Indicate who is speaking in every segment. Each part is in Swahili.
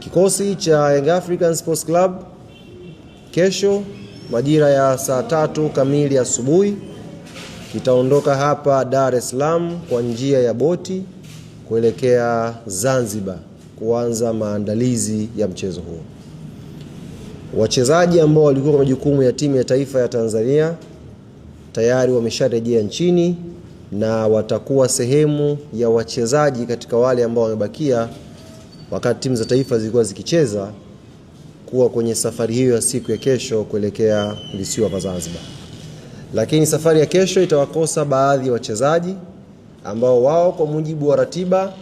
Speaker 1: Kikosi cha Young African Sports Club kesho majira ya saa tatu kamili asubuhi kitaondoka hapa Dar es Salaam kwa njia ya boti kuelekea Zanzibar kuanza maandalizi ya mchezo huo. Wachezaji ambao walikuwa kwa majukumu ya timu ya taifa ya Tanzania tayari wamesharejea nchini na watakuwa sehemu ya wachezaji katika wale ambao wamebakia wakati timu za taifa zilikuwa zikicheza kuwa kwenye safari hiyo ya siku ya kesho kuelekea visiwa vya Zanzibar. Lakini safari ya kesho itawakosa baadhi ya wa wachezaji ambao wao kwa mujibu wa ratiba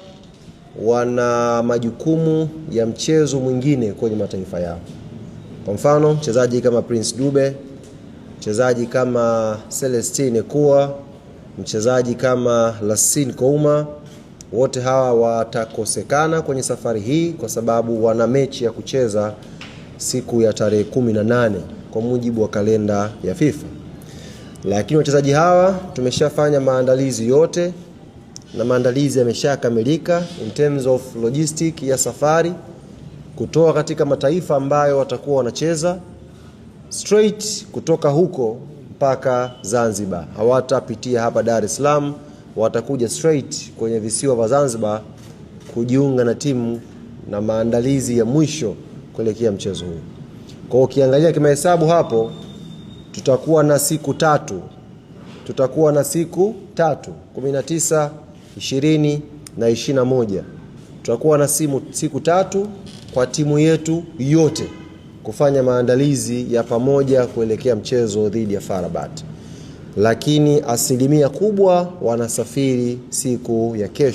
Speaker 1: wana majukumu ya mchezo mwingine kwenye mataifa yao. Kwa mfano, mchezaji kama Prince Dube, mchezaji kama Celestine Ekua, mchezaji kama Lassine Kouma wote hawa watakosekana kwenye safari hii kwa sababu wana mechi ya kucheza siku ya tarehe 18 kwa mujibu wa kalenda ya FIFA. Lakini wachezaji hawa tumeshafanya maandalizi yote na maandalizi yameshakamilika in terms of logistic ya safari kutoka katika mataifa ambayo watakuwa wanacheza straight kutoka huko mpaka Zanzibar, hawatapitia hapa Dar es Salaam watakuja straight kwenye visiwa vya Zanzibar kujiunga na timu na maandalizi ya mwisho kuelekea mchezo huu. Kwa ukiangalia kimahesabu hapo, tutakuwa na siku tatu, tutakuwa na siku tatu, 19, 20 na 21. Tutakuwa na simu, siku tatu kwa timu yetu yote kufanya maandalizi ya pamoja kuelekea mchezo dhidi ya farabat lakini asilimia kubwa wanasafiri siku ya kesho.